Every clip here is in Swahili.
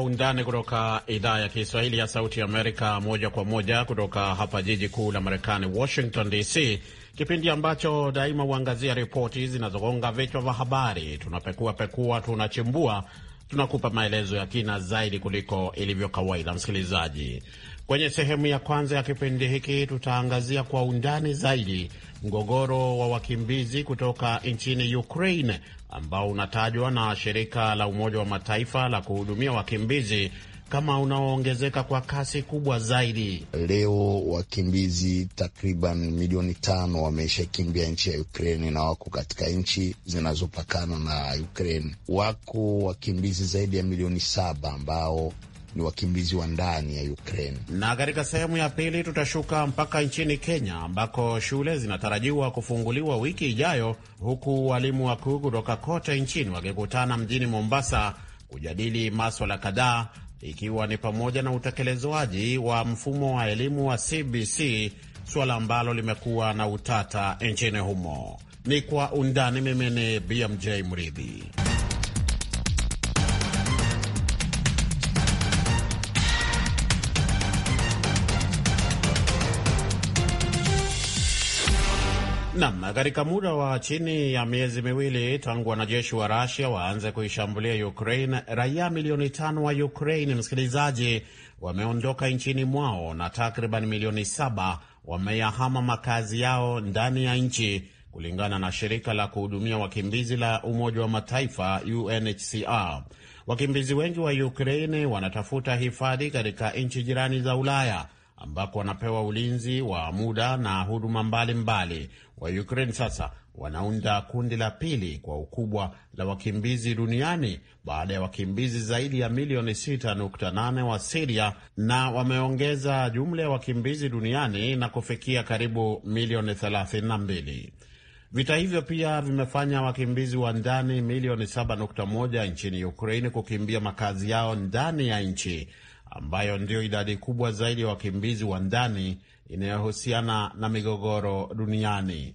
Undani kutoka idhaa ya Kiswahili ya Sauti Amerika, moja kwa moja kutoka hapa jiji kuu la Marekani, Washington DC, kipindi ambacho daima huangazia ripoti zinazogonga vichwa vya habari. Tunapekua pekua, tunachimbua tunakupa maelezo ya kina zaidi kuliko ilivyo kawaida. Msikilizaji, kwenye sehemu ya kwanza ya kipindi hiki tutaangazia kwa undani zaidi mgogoro wa wakimbizi kutoka nchini Ukraine ambao unatajwa na shirika la Umoja wa Mataifa la kuhudumia wakimbizi kama unaoongezeka kwa kasi kubwa zaidi. Leo wakimbizi takriban milioni tano wameishakimbia nchi ya Ukraini na wako katika nchi zinazopakana na Ukraini. Wako wakimbizi zaidi ya milioni saba ambao ni wakimbizi wa ndani ya Ukraine. Na katika sehemu ya pili tutashuka mpaka nchini Kenya ambako shule zinatarajiwa kufunguliwa wiki ijayo, huku walimu wakuu kutoka kote nchini wakikutana mjini Mombasa kujadili maswala kadhaa ikiwa ni pamoja na utekelezwaji wa mfumo wa elimu wa CBC, suala ambalo limekuwa na utata nchini humo. Ni kwa undani. Mimi ni BMJ Mridhi. Nam, katika muda wa chini ya miezi miwili tangu wanajeshi wa Russia waanze kuishambulia Ukraine, raia milioni tano wa Ukraine, msikilizaji, wameondoka nchini mwao na takriban milioni saba wameyahama makazi yao ndani ya nchi kulingana na shirika la kuhudumia wakimbizi la Umoja wa Mataifa UNHCR. Wakimbizi wengi wa Ukraine wanatafuta hifadhi katika nchi jirani za Ulaya ambako wanapewa ulinzi wa muda na huduma mbalimbali. Wa Ukraine sasa wanaunda kundi la pili kwa ukubwa la wakimbizi duniani baada ya wakimbizi zaidi ya milioni 6.8 wa Siria, na wameongeza jumla ya wakimbizi duniani na kufikia karibu milioni 32. Vita hivyo pia vimefanya wakimbizi wa ndani milioni 7.1 nchini ukrain kukimbia makazi yao ndani ya nchi ambayo ndiyo idadi kubwa zaidi ya wakimbizi wa ndani inayohusiana na migogoro duniani.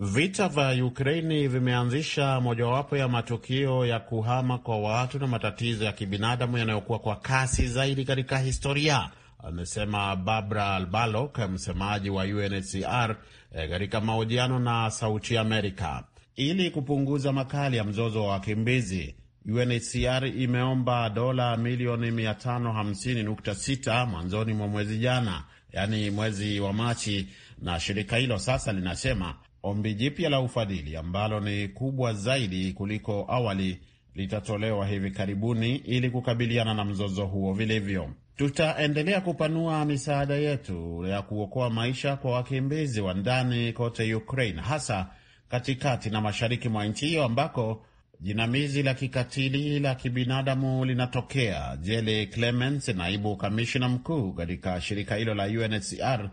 Vita vya Ukraini vimeanzisha mojawapo ya matukio ya kuhama kwa watu na matatizo ya kibinadamu yanayokuwa kwa kasi zaidi katika historia, amesema Barbara Albalok, msemaji wa UNHCR eh, katika mahojiano na Sauti Amerika. Ili kupunguza makali ya mzozo wa wakimbizi UNHCR imeomba dola milioni 550.6 mwanzoni mwa mwezi jana, yaani mwezi wa Machi, na shirika hilo sasa linasema ombi jipya la ufadhili ambalo ni kubwa zaidi kuliko awali litatolewa hivi karibuni ili kukabiliana na mzozo huo vilivyo. Tutaendelea kupanua misaada yetu ya kuokoa maisha kwa wakimbizi wa ndani kote Ukraine, hasa katikati na mashariki mwa nchi hiyo ambako jinamizi la kikatili la kibinadamu linatokea. Jele Clemens, naibu kamishina mkuu katika shirika hilo la UNHCR,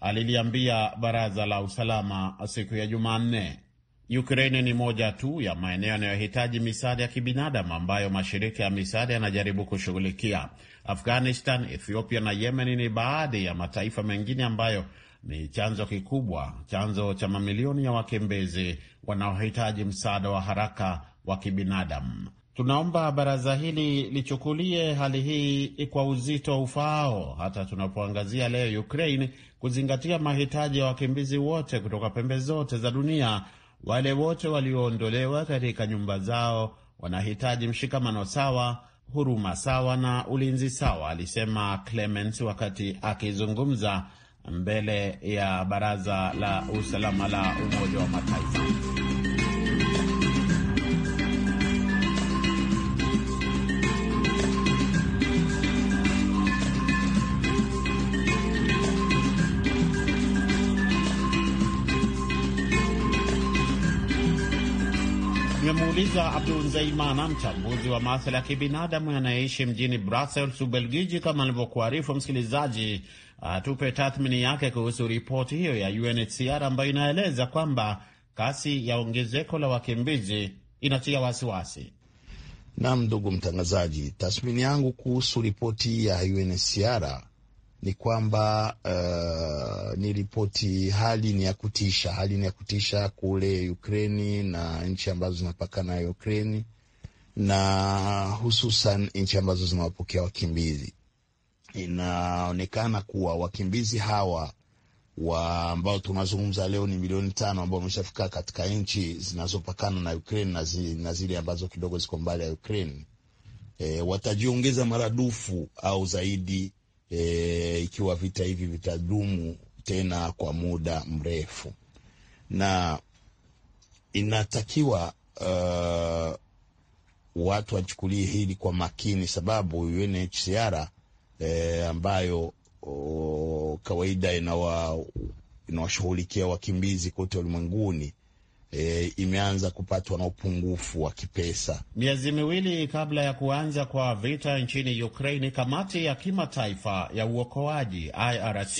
aliliambia baraza la usalama siku ya Jumanne. Ukraine ni moja tu ya maeneo yanayohitaji misaada ya kibinadamu ambayo mashirika ya misaada yanajaribu kushughulikia. Afghanistan, Ethiopia na Yemen ni baadhi ya mataifa mengine ambayo ni chanzo kikubwa, chanzo cha mamilioni ya wakimbizi wanaohitaji msaada wa haraka wa kibinadamu. Tunaomba baraza hili lichukulie hali hii kwa uzito ufaao, hata tunapoangazia leo Ukraine, kuzingatia mahitaji ya wakimbizi wote kutoka pembe zote za dunia. Wale wote walioondolewa katika nyumba zao wanahitaji mshikamano sawa, huruma sawa na ulinzi sawa, alisema Clement wakati akizungumza mbele ya baraza la usalama la Umoja wa Mataifa. Aidha, Abdul Zaimana, mchambuzi wa maswala ya kibinadamu anayeishi mjini Brussels, Ubelgiji, kama alivyokuarifu msikilizaji, atupe uh, tathmini yake kuhusu ripoti hiyo ya UNHCR ambayo inaeleza kwamba kasi ya ongezeko la wakimbizi inatia wasiwasi. Naam, ndugu mtangazaji, tathmini yangu kuhusu ripoti ya UNHCR ni kwamba uh, ni ripoti, hali ni ya kutisha, hali ni ya kutisha kule Ukraini na nchi ambazo zinapakana na Ukraini na hususan nchi ambazo zinawapokea wakimbizi. Inaonekana kuwa wakimbizi hawa wa ambao tunazungumza leo ni milioni tano ambao wameshafika katika nchi zinazopakana na Ukraine na, zi, na zile ambazo kidogo ziko mbali ya Ukraine e, eh, watajiongeza maradufu au zaidi e, ikiwa vita hivi vitadumu tena kwa muda mrefu, na inatakiwa uh, watu wachukulie hili kwa makini, sababu UNHCR e, ambayo o, kawaida inawa inawashughulikia wakimbizi kote ulimwenguni e, imeanza kupatwa na upungufu wa kipesa. Miezi miwili kabla ya kuanza kwa vita nchini Ukraini, kamati ya kimataifa ya uokoaji IRC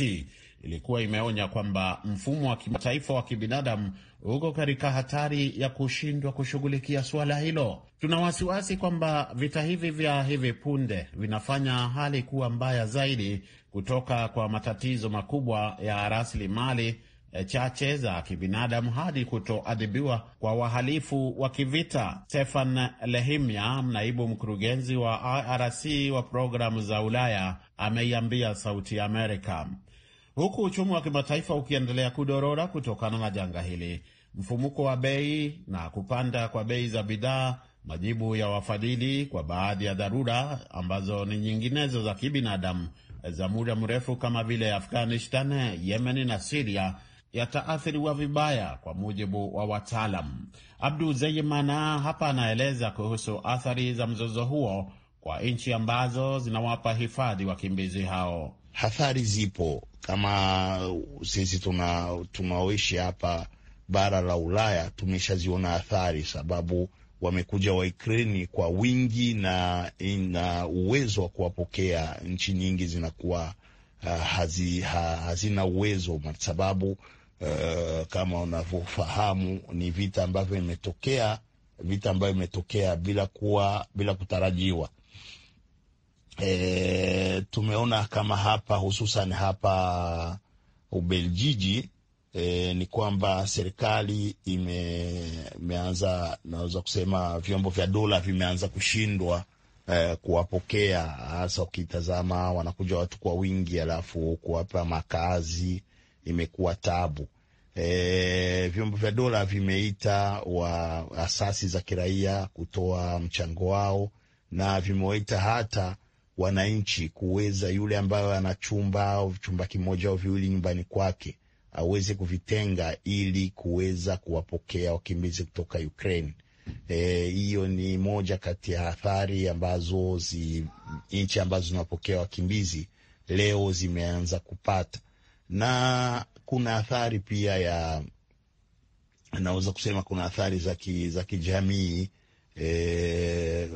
ilikuwa imeonya kwamba mfumo wa kimataifa wa kibinadamu uko katika hatari ya kushindwa kushughulikia suala hilo. Tuna wasiwasi kwamba vita hivi vya hivi punde vinafanya hali kuwa mbaya zaidi kutoka kwa matatizo makubwa ya rasilimali Eh, chache za kibinadamu hadi kutoadhibiwa kwa wahalifu wa kivita. Stefan Lehimya, naibu mkurugenzi wa IRC wa programu za Ulaya, ameiambia Sauti ya Amerika. Huku uchumi wa kimataifa ukiendelea kudorora kutokana na janga hili, mfumuko wa bei na kupanda kwa bei za bidhaa, majibu ya wafadhili kwa baadhi ya dharura ambazo ni nyinginezo za kibinadamu za muda mrefu kama vile Afghanistan, Yemen na Siria yataathiriwa vibaya, kwa mujibu wa wataalam. Abdu Zeyimana hapa anaeleza kuhusu athari za mzozo huo kwa nchi ambazo zinawapa hifadhi wakimbizi hao. Hathari zipo kama sisi tuna tunaoishi hapa bara la Ulaya tumeshaziona athari, sababu wamekuja Waikreni kwa wingi na ina uwezo wa kuwapokea. Nchi nyingi zinakuwa uh, hazi, ha, hazina uwezo, sababu Eh, kama unavyofahamu ni vita ambavyo imetokea vita ambayo imetokea bila kuwa bila kutarajiwa. E, tumeona kama hapa hususan hapa Ubeljiji e, eh, ni kwamba serikali ime, imeanza naweza kusema vyombo vya dola vimeanza kushindwa e, kuwapokea hasa ukitazama wanakuja watu kwa wingi, alafu kuwapa makazi imekuwa tabu. E, vyombo vya dola vimeita wa asasi za kiraia kutoa mchango wao na vimewaita hata wananchi kuweza, yule ambayo ana chumba au chumba kimoja au viwili nyumbani kwake aweze kuvitenga ili kuweza kuwapokea wakimbizi kutoka Ukraine. E, hiyo e, ni moja kati ya athari ambazo zi, nchi ambazo zinapokea wakimbizi leo zimeanza kupata na kuna athari pia ya naweza kusema kuna athari za kijamii e,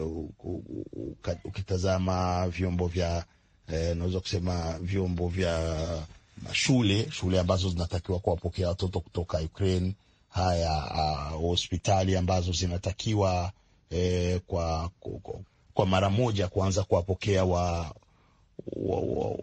ukitazama vyombo vya e, naweza kusema vyombo vya shule shule ambazo zinatakiwa kuwapokea watoto kutoka Ukraine, haya hospitali ambazo zinatakiwa e, kwa, kwa, kwa mara moja kuanza kuwapokea wa, wa, wa,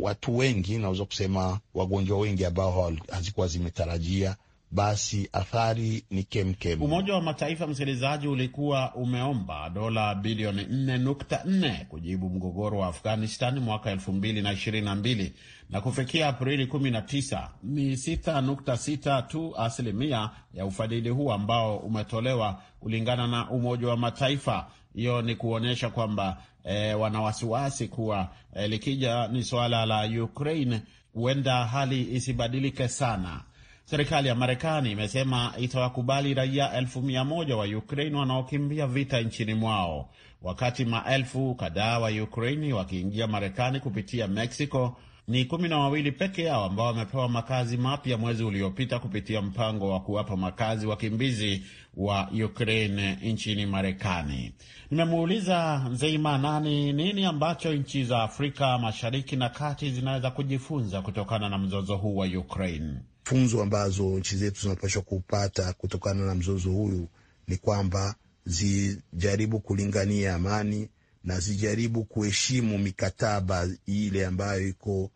watu wengi, naweza kusema wagonjwa wengi ambao hazikuwa zimetarajia basi athari ni kemkem. Umoja wa Mataifa, msikilizaji, ulikuwa umeomba dola bilioni 4.4 kujibu mgogoro wa Afghanistan mwaka 2022 na kufikia Aprili 19 ni 6.6 tu asilimia ya ufadhili huu ambao umetolewa kulingana na Umoja wa Mataifa. Hiyo ni kuonyesha kwamba e, wana wasiwasi kuwa e, likija ni suala la Ukraine huenda hali isibadilike sana. Serikali ya Marekani imesema itawakubali raia elfu mia moja wa ukrain wanaokimbia vita nchini mwao, wakati maelfu kadhaa wa Ukraini wakiingia Marekani kupitia Mexico. Ni kumi na wawili peke yao ambao wamepewa makazi mapya mwezi uliopita kupitia mpango wa kuwapa makazi wakimbizi wa Ukraini nchini Marekani. Nimemuuliza mzee Imanani nini ambacho nchi za Afrika Mashariki na Kati zinaweza kujifunza kutokana na mzozo huu wa Ukraine. Funzo ambazo nchi zetu zinapashwa kupata kutokana na mzozo huyu ni kwamba zijaribu kulingania amani na zijaribu kuheshimu mikataba ile ambayo iko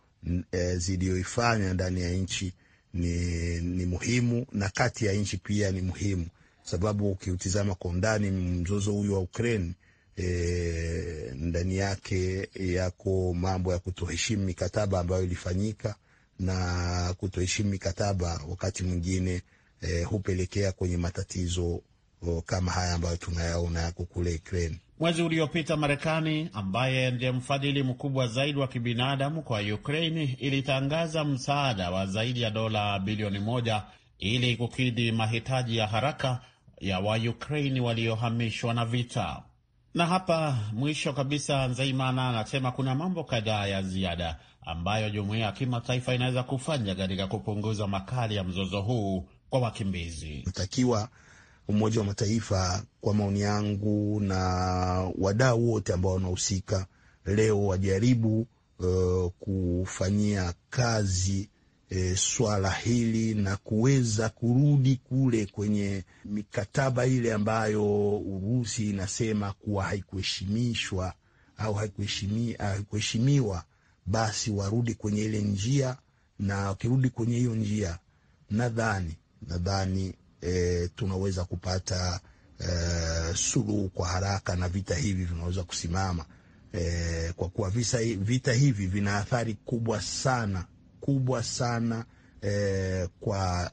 e, ziliyoifanya ndani ya nchi ni, ni muhimu na kati ya nchi pia ni muhimu sababu ukiutizama kwa undani mzozo huyu wa Ukraine e, ndani yake yako mambo ya kutoheshimu mikataba ambayo ilifanyika na kutoheshimu mikataba wakati mwingine e, hupelekea kwenye matatizo o, kama haya ambayo tunayaona yako kule Ukraine. Mwezi uliopita Marekani, ambaye ndiye mfadhili mkubwa zaidi wa kibinadamu kwa Ukraini, ilitangaza msaada wa zaidi ya dola bilioni moja ili kukidhi mahitaji ya haraka ya Waukraini waliohamishwa na vita. Na hapa mwisho kabisa, Nzeimana anasema kuna mambo kadhaa ya ziada ambayo jumuiya ya kimataifa inaweza kufanya katika kupunguza makali ya mzozo huu kwa wakimbizi. Natakiwa Umoja wa Mataifa, kwa maoni yangu, na wadau wote ambao wanahusika leo wajaribu uh, kufanyia kazi e, swala hili na kuweza kurudi kule kwenye mikataba ile ambayo Urusi inasema kuwa haikuheshimishwa au haikuheshimiwa, basi warudi kwenye ile njia, na wakirudi kwenye hiyo njia, nadhani nadhani e, tunaweza kupata e, suluhu kwa haraka na vita hivi vinaweza kusimama e, kwa kuwa visa, vita hivi vina athari kubwa sana kubwa sana eh, kwa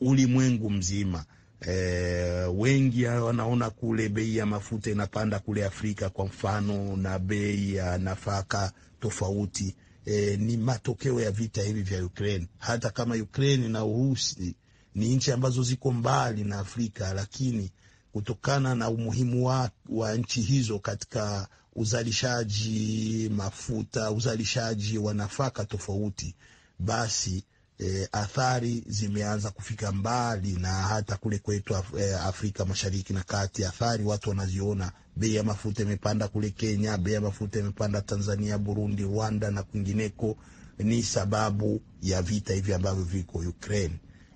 ulimwengu mzima. Eh, wengi wanaona kule bei ya mafuta inapanda kule Afrika kwa mfano, na bei ya nafaka tofauti eh, ni matokeo ya vita hivi vya Ukraine. Hata kama Ukraine na Urusi ni nchi ambazo ziko mbali na Afrika, lakini kutokana na umuhimu wa, wa nchi hizo katika uzalishaji mafuta, uzalishaji wa nafaka tofauti basi E, athari zimeanza kufika mbali na hata kule kwetu Af e, Afrika Mashariki na Kati, athari watu wanaziona. Bei ya mafuta imepanda kule Kenya, bei ya mafuta imepanda Tanzania, Burundi, Rwanda na kwingineko, ni sababu ya vita hivi ambavyo viko Ukraine.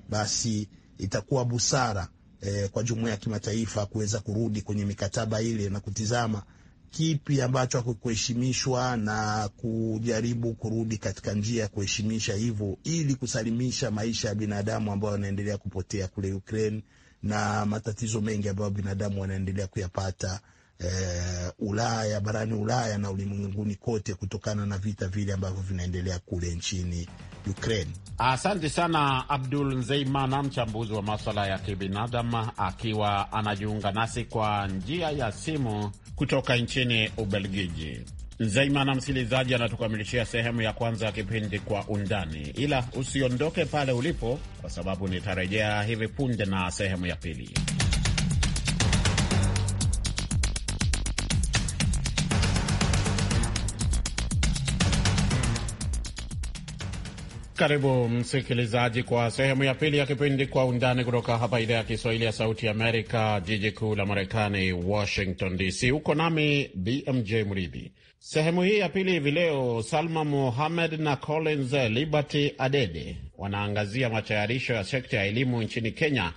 Basi itakuwa busara e, kwa jumuiya ya kimataifa kuweza kurudi kwenye mikataba ile na kutizama kipi ambacho hakukuheshimishwa na kujaribu kurudi katika njia ya kuheshimisha hivyo, ili kusalimisha maisha ya binadamu ambayo wanaendelea kupotea kule Ukraine na matatizo mengi ambayo binadamu wanaendelea kuyapata eh, Ulaya, barani Ulaya na ulimwenguni kote, kutokana na vita vile ambavyo vinaendelea kule nchini Ukraine. Asante sana Abdul Nzeimana, mchambuzi wa maswala ya kibinadamu, akiwa anajiunga nasi kwa njia ya simu kutoka nchini Ubelgiji. Nzeimana, msikilizaji, anatukamilishia sehemu ya kwanza ya kipindi Kwa Undani, ila usiondoke pale ulipo, kwa sababu nitarejea hivi punde na sehemu ya pili. Karibu msikilizaji kwa sehemu ya pili ya kipindi Kwa Undani kutoka hapa idhaa ya Kiswahili ya Sauti ya Amerika, jiji kuu la Marekani, Washington DC. Uko nami BMJ Mridhi. Sehemu hii ya pili hivi leo, Salma muhamed na Collins Liberty Adede wanaangazia matayarisho ya sekta ya elimu nchini Kenya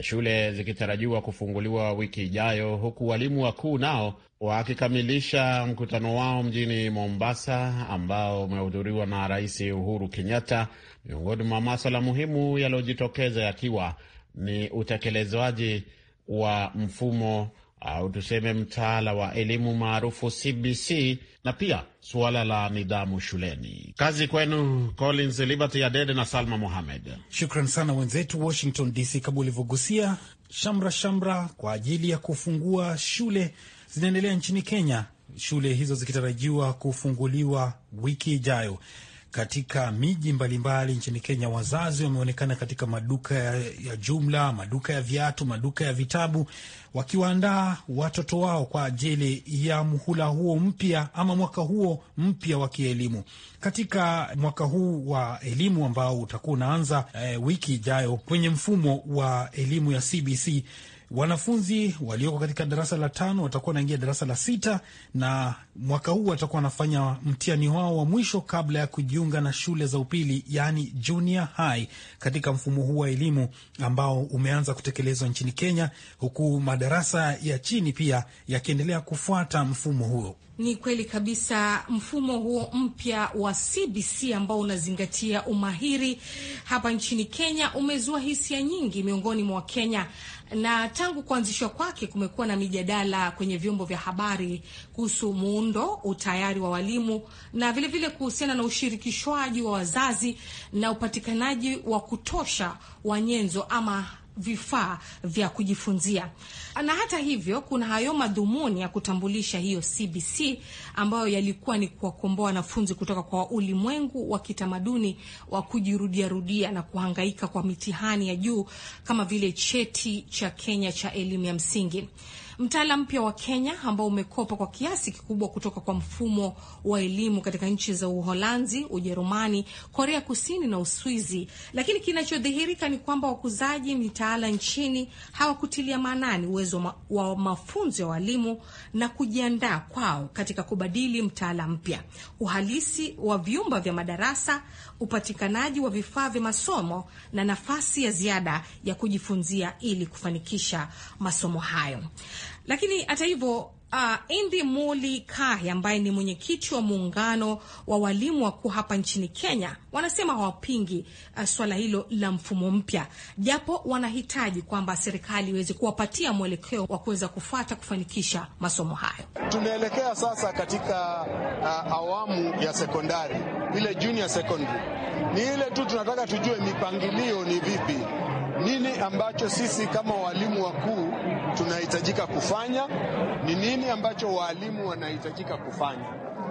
shule zikitarajiwa kufunguliwa wiki ijayo, huku walimu wakuu nao wakikamilisha mkutano wao mjini Mombasa, ambao umehudhuriwa na Rais Uhuru Kenyatta. Miongoni mwa maswala muhimu yaliyojitokeza yakiwa ni utekelezwaji wa mfumo au tuseme mtaala wa elimu maarufu CBC, na pia suala la nidhamu shuleni. Kazi kwenu Collins Liberty Adede na Salma Mohamed. Shukran sana wenzetu Washington DC. Kama ulivyogusia, shamra shamra kwa ajili ya kufungua shule zinaendelea nchini Kenya, shule hizo zikitarajiwa kufunguliwa wiki ijayo katika miji mbalimbali nchini Kenya. Wazazi wameonekana katika maduka ya jumla, maduka ya viatu, maduka ya vitabu wakiwaandaa watoto wao kwa ajili ya mhula huo mpya ama mwaka huo mpya wa kielimu. Katika mwaka huu wa elimu ambao utakuwa unaanza e, wiki ijayo kwenye mfumo wa elimu ya CBC wanafunzi walioko katika darasa la tano watakuwa wanaingia darasa la sita na mwaka huu watakuwa wanafanya mtihani wao wa mwisho kabla ya kujiunga na shule za upili, yaani junior high, katika mfumo huu wa elimu ambao umeanza kutekelezwa nchini Kenya, huku mada madarasa ya chini pia yakiendelea kufuata mfumo huo. Ni kweli kabisa, mfumo huo mpya wa CBC ambao unazingatia umahiri hapa nchini Kenya umezua hisia nyingi miongoni mwa Wakenya na tangu kuanzishwa kwake kumekuwa na mijadala kwenye vyombo vya habari kuhusu muundo, utayari wa walimu na vilevile kuhusiana na ushirikishwaji wa wazazi na upatikanaji wa kutosha wa nyenzo ama vifaa vya kujifunzia. Na hata hivyo, kuna hayo madhumuni ya kutambulisha hiyo CBC ambayo yalikuwa ni kuwakomboa wanafunzi kutoka kwa ulimwengu wa kitamaduni wa kujirudiarudia na kuhangaika kwa mitihani ya juu kama vile cheti cha Kenya cha elimu ya msingi. Mtaala mpya wa Kenya ambao umekopa kwa kiasi kikubwa kutoka kwa mfumo wa elimu katika nchi za Uholanzi, Ujerumani, Korea Kusini na Uswizi, lakini kinachodhihirika ni kwamba wakuzaji mitaala nchini hawakutilia maanani uwezo wa mafunzo ya walimu na kujiandaa kwao katika kubadili mtaala mpya. Uhalisi wa vyumba vya madarasa upatikanaji wa vifaa vya masomo na nafasi ya ziada ya kujifunzia ili kufanikisha masomo hayo. Lakini hata hivyo Uh, Indi Muli Kahi ambaye ni mwenyekiti wa muungano wa walimu wakuu hapa nchini Kenya wanasema hawapingi uh, swala hilo la mfumo mpya, japo wanahitaji kwamba serikali iweze kuwapatia mwelekeo wa kuweza kufuata kufanikisha masomo hayo. Tunaelekea sasa katika uh, awamu ya sekondari, ile junior secondary. Ni ile tu tunataka tujue mipangilio ni vipi, nini ambacho sisi kama walimu wakuu tunahitajika kufanya, ni nini ambacho waalimu wanahitajika kufanya.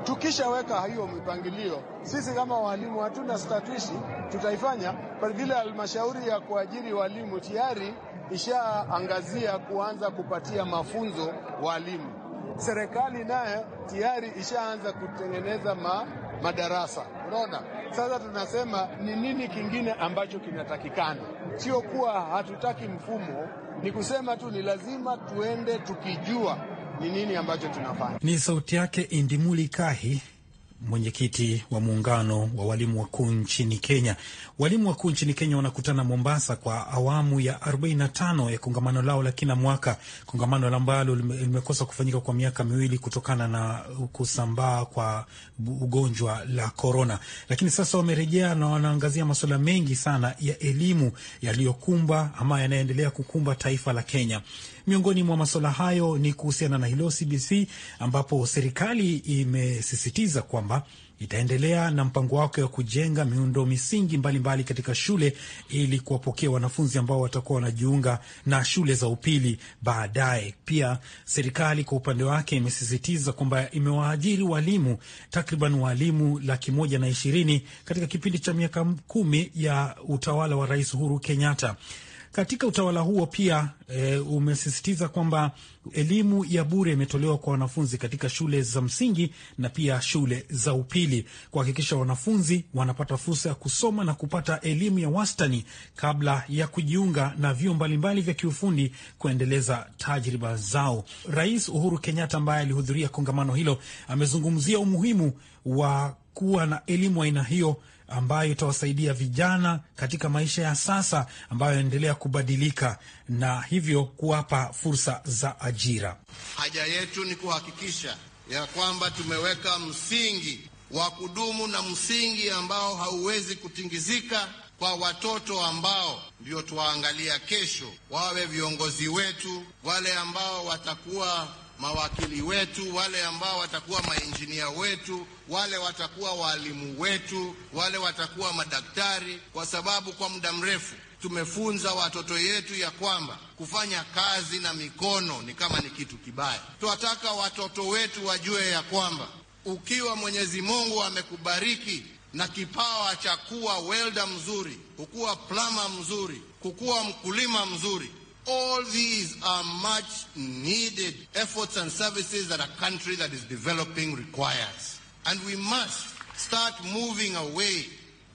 Tukishaweka hiyo mipangilio, sisi kama waalimu hatuna statwishi, tutaifanya kwa vile halmashauri ya kuajiri walimu tayari ishaangazia kuanza kupatia mafunzo walimu. Serikali nayo tayari ishaanza kutengeneza ma, madarasa. Unaona, sasa tunasema ni nini kingine ambacho kinatakikana, sio kuwa hatutaki mfumo ni kusema tu ni lazima tuende tukijua ni nini ambacho tunafanya. Ni sauti yake Indimuli Kahi mwenyekiti wa muungano wa walimu wakuu nchini Kenya. Walimu wakuu nchini Kenya wanakutana Mombasa kwa awamu ya 45 ya kongamano lao la kila mwaka, kongamano ambalo limekosa kufanyika kwa miaka miwili kutokana na kusambaa kwa ugonjwa la korona. Lakini sasa wamerejea na wanaangazia masuala mengi sana ya elimu yaliyokumba ama yanayoendelea kukumba taifa la Kenya. Miongoni mwa masuala hayo ni kuhusiana na hilo CBC, ambapo serikali imesisitiza kwamba itaendelea na mpango wake wa kujenga miundo misingi mbalimbali mbali katika shule ili kuwapokea wanafunzi ambao watakuwa wanajiunga na shule za upili baadaye. Pia serikali kwa upande wake imesisitiza kwamba imewaajiri walimu takriban walimu laki moja na ishirini katika kipindi cha miaka kumi ya utawala wa Rais Uhuru Kenyatta. Katika utawala huo pia e, umesisitiza kwamba elimu ya bure imetolewa kwa wanafunzi katika shule za msingi na pia shule za upili kuhakikisha wanafunzi wanapata fursa ya kusoma na kupata elimu ya wastani kabla ya kujiunga na vyuo mbalimbali vya kiufundi kuendeleza tajriba zao. Rais Uhuru Kenyatta ambaye alihudhuria kongamano hilo amezungumzia umuhimu wa kuwa na elimu aina hiyo ambayo itawasaidia vijana katika maisha ya sasa ambayo yanaendelea kubadilika na hivyo kuwapa fursa za ajira. Haja yetu ni kuhakikisha ya kwamba tumeweka msingi wa kudumu na msingi ambao hauwezi kutingizika kwa watoto ambao ndio tuwaangalia kesho, wawe viongozi wetu, wale ambao watakuwa mawakili wetu, wale ambao watakuwa mainjinia wetu, wale watakuwa waalimu wetu, wale watakuwa madaktari, kwa sababu kwa muda mrefu tumefunza watoto yetu ya kwamba kufanya kazi na mikono ni kama ni kitu kibaya. Tunataka watoto wetu wajue ya kwamba ukiwa Mwenyezi Mungu amekubariki na kipawa cha kuwa welda mzuri, kukuwa plama mzuri, kukuwa mkulima mzuri All these are much needed efforts and services that a country that is developing requires. And we must start moving away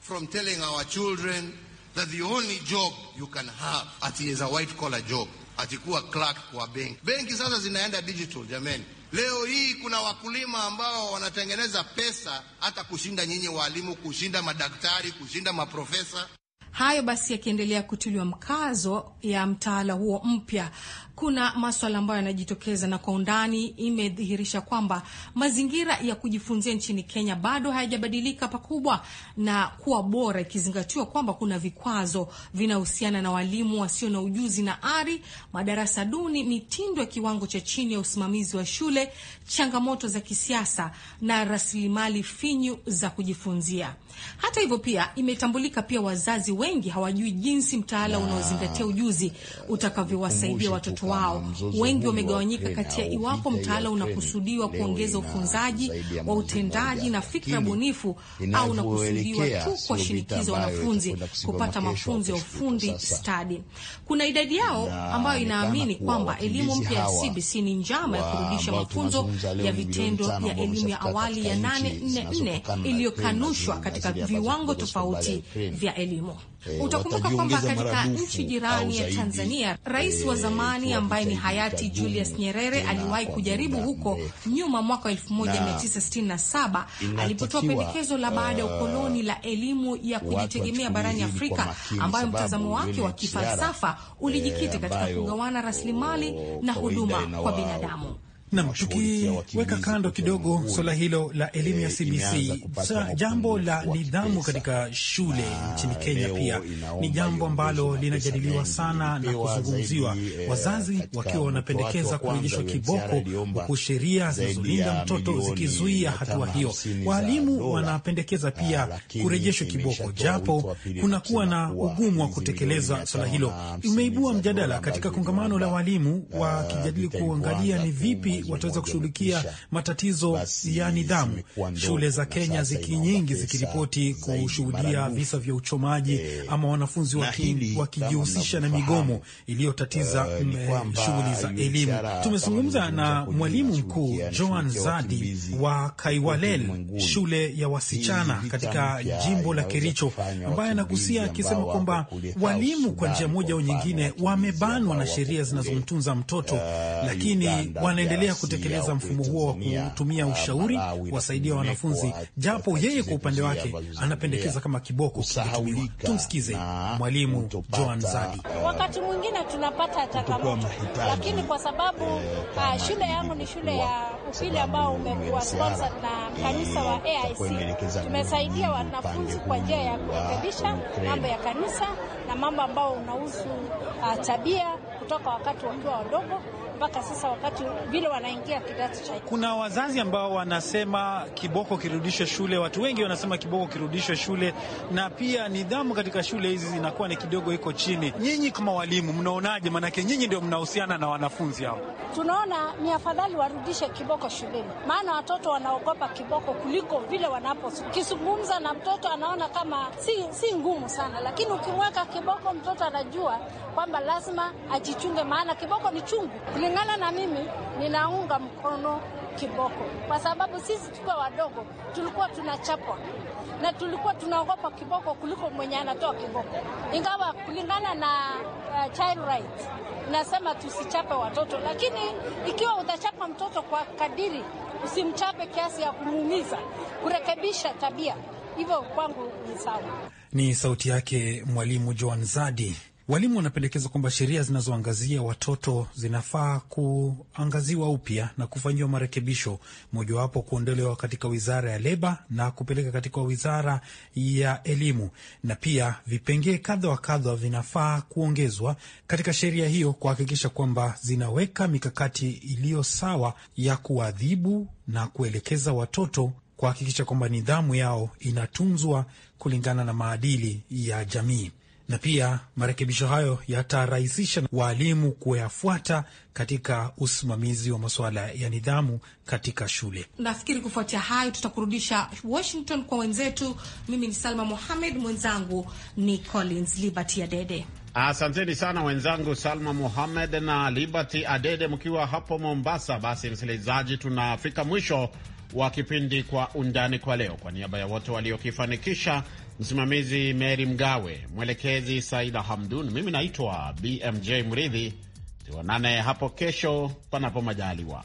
from telling our children that the only job you can have ati is a white collar job atikuwa clerk kwa benki. Benki sasa zinaenda digital jamani. Leo hii kuna wakulima ambao wanatengeneza pesa hata kushinda nyinyi walimu, kushinda madaktari, kushinda maprofesa. Hayo basi yakiendelea kutiliwa mkazo ya mtaala huo mpya kuna maswala ambayo yanajitokeza, na kwa undani imedhihirisha kwamba mazingira ya kujifunzia nchini Kenya bado hayajabadilika pakubwa na kuwa bora, ikizingatiwa kwamba kuna vikwazo vinahusiana na walimu wasio na ujuzi na ari, madarasa duni, mitindo ya kiwango cha chini ya usimamizi wa shule, changamoto za kisiasa na rasilimali finyu za kujifunzia. Hata hivyo, pia imetambulika pia wazazi wengi hawajui jinsi mtaala unaozingatia ujuzi utakavyowasaidia watoto wao. Wengi wamegawanyika kati ya iwapo mtaala unakusudiwa kuongeza ufunzaji wa utendaji na fikra bunifu au unakusudiwa tu kuwashinikiza wanafunzi kupata mafunzo ya ufundi stadi. Kuna idadi yao ambayo inaamini kwamba elimu mpya ya CBC ni njama ya kurudisha mafunzo ya vitendo ya elimu ya awali ya 844 iliyokanushwa katika viwango tofauti vya elimu eh, utakumbuka kwamba katika nchi jirani ya Tanzania rais wa eh, zamani ambaye ni hayati Julius Nyerere aliwahi kujaribu huko nyuma mwaka 1967 alipotoa pendekezo la baada ya ukoloni la elimu ya kujitegemea barani Afrika ambayo mtazamo wake wa kifalsafa ulijikita eh, katika kugawana rasilimali na huduma kwa binadamu. Nam, tukiweka kando kidogo swala hilo la eh, elimu ya CBC, jambo la nidhamu katika shule nchini Kenya pia ni jambo ambalo linajadiliwa sana na kuzungumziwa, eh, wazazi wakiwa wanapendekeza kurejeshwa kiboko, huku sheria zinazolinda mtoto zikizuia hatua hiyo. Waalimu wanapendekeza ah, pia kurejeshwa kiboko, japo kunakuwa na ugumu wa kutekeleza swala hilo. Imeibua mjadala katika kongamano la waalimu wakijadili kuangalia ni vipi wataweza kushughulikia matatizo ya nidhamu. Shule za Kenya ziki nyingi zikiripoti kushuhudia visa vya uchomaji e, ama wanafunzi wakijihusisha waki na migomo iliyotatiza uh, shughuli za elimu. Tumezungumza na mwalimu mkuu Joan Zadi wa Kaiwalel, shule ya wasichana katika jimbo la Kericho, ambaye anagusia akisema kwamba walimu kwa njia moja au nyingine wamebanwa na sheria zinazomtunza mtoto, lakini wanaendelea kuendelea kutekeleza mfumo huo wa kutumia ushauri kuwasaidia wanafunzi, japo yeye kwa upande wake anapendekeza kama kiboko kingitumiwa. Tumsikize mwalimu Joan Zadi. Wakati mwingine tunapata changamoto, lakini kwa sababu uh, shule yangu ni shule ya upili ambao umekuwa sponsored na eh, kanisa wa AIC, tumesaidia wanafunzi kwa njia ya kurekebisha mambo ya kanisa na mambo ambao unahusu uh, tabia kutoka wakati wakiwa wadogo mpaka sasa, wakati vile wanaingia kidato cha. Kuna wazazi ambao wanasema kiboko kirudishwe shule, watu wengi wanasema kiboko kirudishwe shule, na pia nidhamu katika shule hizi zinakuwa ni kidogo iko chini. Nyinyi kama walimu mnaonaje? Maanake nyinyi ndio mnahusiana na wanafunzi hao. Tunaona ni afadhali warudishe kiboko shuleni, maana watoto wanaogopa kiboko kuliko vile wanapokizungumza na mtoto anaona kama si, si ngumu sana, lakini ukimweka kiboko mtoto anajua kwamba lazima ajichunge, maana kiboko ni chungu. Kulingana na mimi, ninaunga mkono kiboko kwa sababu sisi tukiwa wadogo tulikuwa tunachapwa na tulikuwa tunaogopa kiboko kuliko mwenye anatoa kiboko. Ingawa kulingana na uh, child rights nasema tusichape watoto, lakini ikiwa utachapa mtoto kwa kadiri, usimchape kiasi ya kumuumiza, kurekebisha tabia, hivyo kwangu ni sawa. Ni sauti yake Mwalimu Joan Zadi Walimu wanapendekeza kwamba sheria zinazoangazia watoto zinafaa kuangaziwa upya na kufanyiwa marekebisho, mojawapo kuondolewa katika wizara ya leba na kupeleka katika wizara ya elimu, na pia vipengee kadha wa kadha vinafaa kuongezwa katika sheria hiyo kuhakikisha kwamba zinaweka mikakati iliyo sawa ya kuadhibu na kuelekeza watoto kuhakikisha kwamba nidhamu yao inatunzwa kulingana na maadili ya jamii na pia marekebisho hayo yatarahisisha waalimu kuyafuata katika usimamizi wa masuala ya nidhamu katika shule. Nafikiri kufuatia hayo tutakurudisha Washington kwa wenzetu. Mimi ni Salma Mohamed, mwenzangu ni Collins Liberty Adede. Asanteni sana wenzangu Salma Mohamed na Liberty Adede mkiwa hapo Mombasa. Basi msikilizaji, tunafika mwisho wa kipindi Kwa Undani kwa leo. Kwa niaba ya wote waliokifanikisha msimamizi Mary Mgawe, mwelekezi Saida Hamdun, mimi naitwa BMJ Mridhi. Tuonane hapo kesho, panapo majaliwa.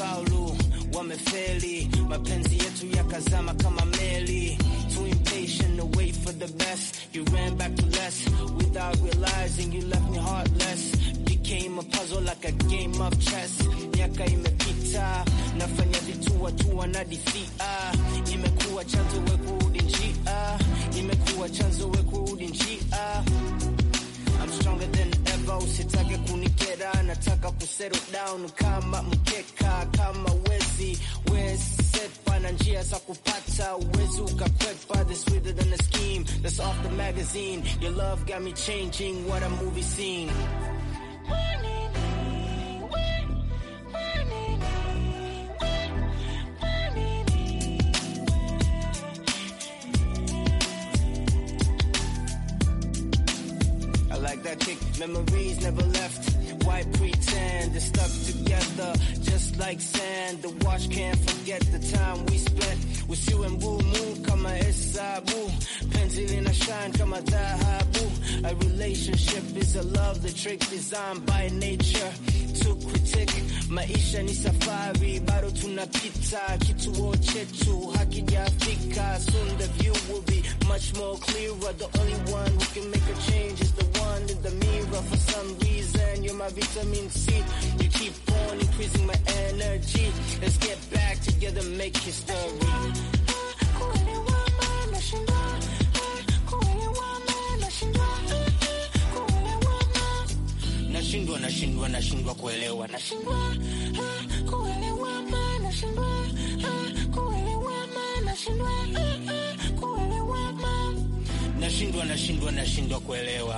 wamefaulu, wamefeli, mapenzi yetu yakazama kama meli. Too impatient to wait for the best, you ran back to less without realizing you left me heartless. Became a puzzle like a game of chess. Miaka imepita, nafanya vitu watu wanadithia, imekuwa chanzo we kurudi njia, ah. imekuwa chanzo we kurudi njia. Ah. I'm stronger than Never usitake kunikera, nataka kusettle down kama mkeka, kama wezi wezi sepa na njia za kupata uwezi ukakwepa. This sweeter than a scheme that's off the magazine. Your love got me changing what a movie scene memories never left. Why pretend it's stuck together just like sand? The watch can't forget the time we spent with you and Boo Moon. Kama esabu, pencil in a shine, kama dhahabu. A relationship is a love, the trick designed by nature to critique. Maisha ni safari, bado tunapita, kituo chetu hakijafika. Soon the view will be much more clearer. The only one who can make a change is the one in the mirror for some reason. You're my vitamin C. You keep on increasing my energy. Let's get back together, make history. Nashindwa, nashindwa, nashindwa kuelewa, nashindwa kuelewa, nashindwa kuelewa, nashindwa nashindwa nashindwa nashindwa kuelewa.